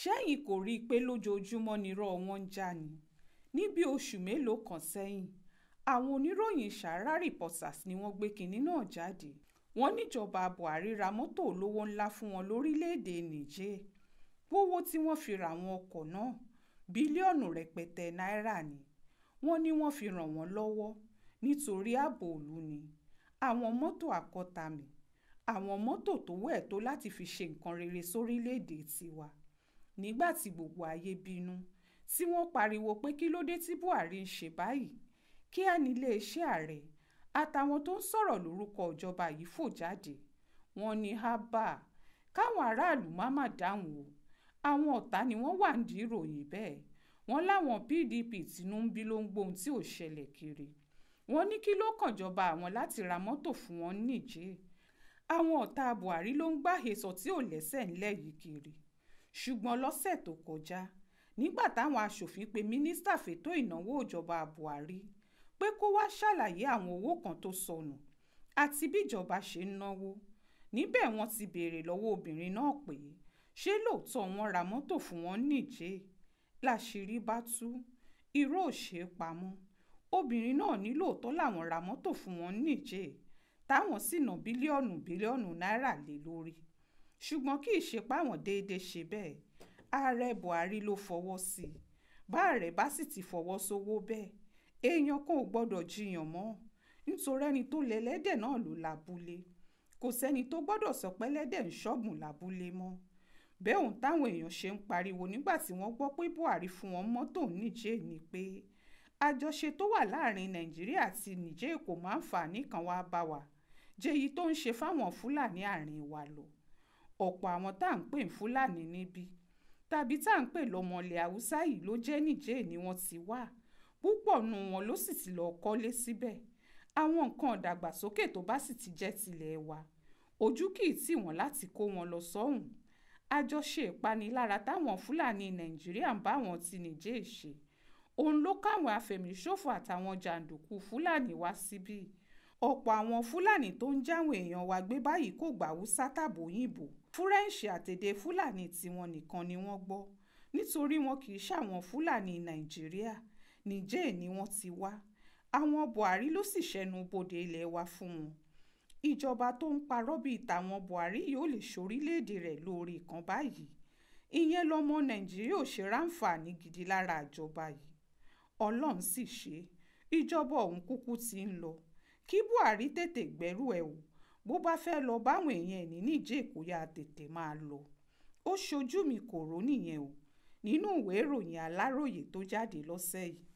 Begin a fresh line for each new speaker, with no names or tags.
ṣẹ́yìn kò rí i pé lójoojúmọ́ nírọ́ wọn ń já ni ní bí oṣù mélòó kan sẹ́yìn àwọn oníròyìn Sahara Reporters ni wọ́n gbé kinní náà jáde wọ́n níjọba Buhari ra mọ́tò olówó ńlá fún wọn lórílẹ̀‐èdè Niger gbówó tí wọ́n fi ra àwọn ọkọ̀ náà bílíọ̀nù rẹpẹtẹ náírà ni wọ́n ní wọ́n fi ràn wọ́n lọ́wọ́ nítorí ààbò òlu ni àwọn mọ́tò àkọtàmì àwọn mọ́tò tó wẹ̀ tó láti fi ṣe nǹkan rere sórílẹ̀‐èdè tiwa nígbà tí gbogbo ayé bínú tí wọ́n pariwo pé kí ló dé tí Buhari ń ṣe báyìí kíá níléeṣẹ́ ààrẹ àtàwọn tó ń sọ̀rọ̀ lórúkọ ìjọba yìí fò jáde wọ́n ní hábà káwọn aráàlú má má dáhùn o àwọn ọ̀tá ni wọ́n wà nídìí ìròyìn bẹ́ẹ̀ wọ́n láwọn PDP tínú ló ń gbóhun tí ò ṣẹlẹ̀ kiri wọ́n ní kí ló kànjọba àwọn láti ra mọ́tò fún wọn níjẹ́ àwọn ọ̀tá Buhari ló ń gbá èso tí ò lẹ́sẹ̀ ńlẹ̀ yìí kiri ṣùgbọ́n lọ́sẹ̀ tó kọjá nígbà táwọn aṣòfin pe mínísítà fètò ìnáwó ìjọba buhari pé kó wá ṣàlàyé àwọn owó kan tó sọnù àti bíjọba ṣe ń náwó níbẹ̀ wọ́n ti béèrè lọ́wọ́ obìnrin náà pé ṣé lóòótọ́ wọ́n ra mọ́tò fún wọn níjẹ́ láṣìírí bá tú irú òṣè pamọ́ obìnrin náà ní lóòótọ́ làwọn ra mọ́tò fún wọn níjẹ́ táwọn sì ná bílíọ̀nù bílíọ̀nù náírà lé lórí ṣùgbọ́n kì í ṣe páwọn déédéé ṣe bẹ́ẹ̀ ààrẹ buhari ló fọwọ́ sí i báàrẹ bá sì ti fọwọ́ sówó bẹ́ẹ̀ èèyàn kan ò gbọ́dọ̀ jiyàn mọ́ nítorí ẹni tó lẹ́lẹ́dẹ̀ náà ló lábúlé kò sẹ́ni tó gbọ́dọ̀ sọ pé lẹ́dẹ̀ ń ṣọ́gun lábúlé mọ́ bẹ́ẹ̀ òun táwọn èèyàn ṣe ń pariwo nígbà tí wọ́n gbọ́ pé buhari fún wọn mọ́tò níjẹ́ ni pé àjọṣe tó wà láàrin nàìjíríà àti níjẹ́ kò máa ń fà nìkan wá bá wa jẹ́yìí tó ń ṣe fáwọn fúlàní àárín wa lọ ọ̀pọ̀ àwọn tá à ń pè ní fúlàní níbí tàbí tá à ń pè lọ́mọ haúsá yìí ló jẹ́ níjẹ́ ni wọ́n ti wá púpọ̀ nu wọn ló sì ti lọ́ọ́ kọ́lé síbẹ̀ àwọn nǹkan ìdàgbàsókè tó bá sì ti jẹ́ tilẹ̀ wa ojú kì í tì wọ́n láti kó wọn lọ sọ́hùn àjọṣe ìpanilára táwọn fúlàní nàìjíríà ń bá wọn ti nìjẹ́ ṣe òun ló káwọn afẹ̀míṣòfò àtàwọn jàǹdùkú fúlàní wá síbí si ọ̀pọ̀ àwọn fúlàní tó ń jáwọn èèyàn wa gbé báyìí kò gbà haúsá tàbóyìnbó fúrẹ́ǹṣì àtèdè fúlàní tiwọn nìkan ni wọ́n gbọ́ nítorí wọn kì í ṣàwọn fúlàní nàìjíríà níjẹ́ ni wọ́n ti wá àwọn buhari ló sì ṣẹnu bodè ilẹ̀ wa fún wọn ìjọba tó ń parọ́ bíi tàwọn buhari yóò lè ṣorílẹ̀-èdè rẹ̀ lórí kan báyìí ìyẹn lọmọ nàìjíríà ò ṣe ráǹfààní gidi lára ìjọba yìí ọlọ́run sì ṣe ìjọba òun kúkú ti ń lọ kí buhari tètè gbẹ́rù ẹ̀ o bó bá fẹ́ lọ báwọn èèyàn ẹ̀ ní níjẹ́ kó yáa tètè máa lọ ó ṣojú mi kò rò o nínú ìwé ìròyìn aláròye tó jáde lọ́sẹ̀ yìí